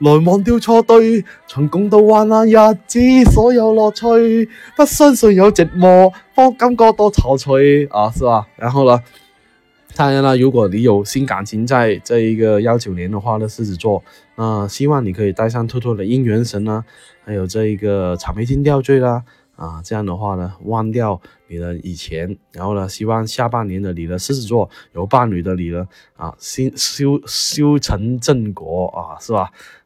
來忘掉錯對，曾共渡患難日子，所有樂趣，不相信有寂寞，不感覺多憔悴。啊，是吧？然後呢，當然啦，如果你有新感情在這一個幺九年的話呢，獅子座，啊、呃，希望你可以帶上兔兔的姻緣繩啦，還有這一個草莓金吊墜啦，啊，這樣的話呢，忘掉你的以前，然後呢，希望下半年的你呢，獅子座有伴侶的你呢，啊，修修修成正果，啊，是吧？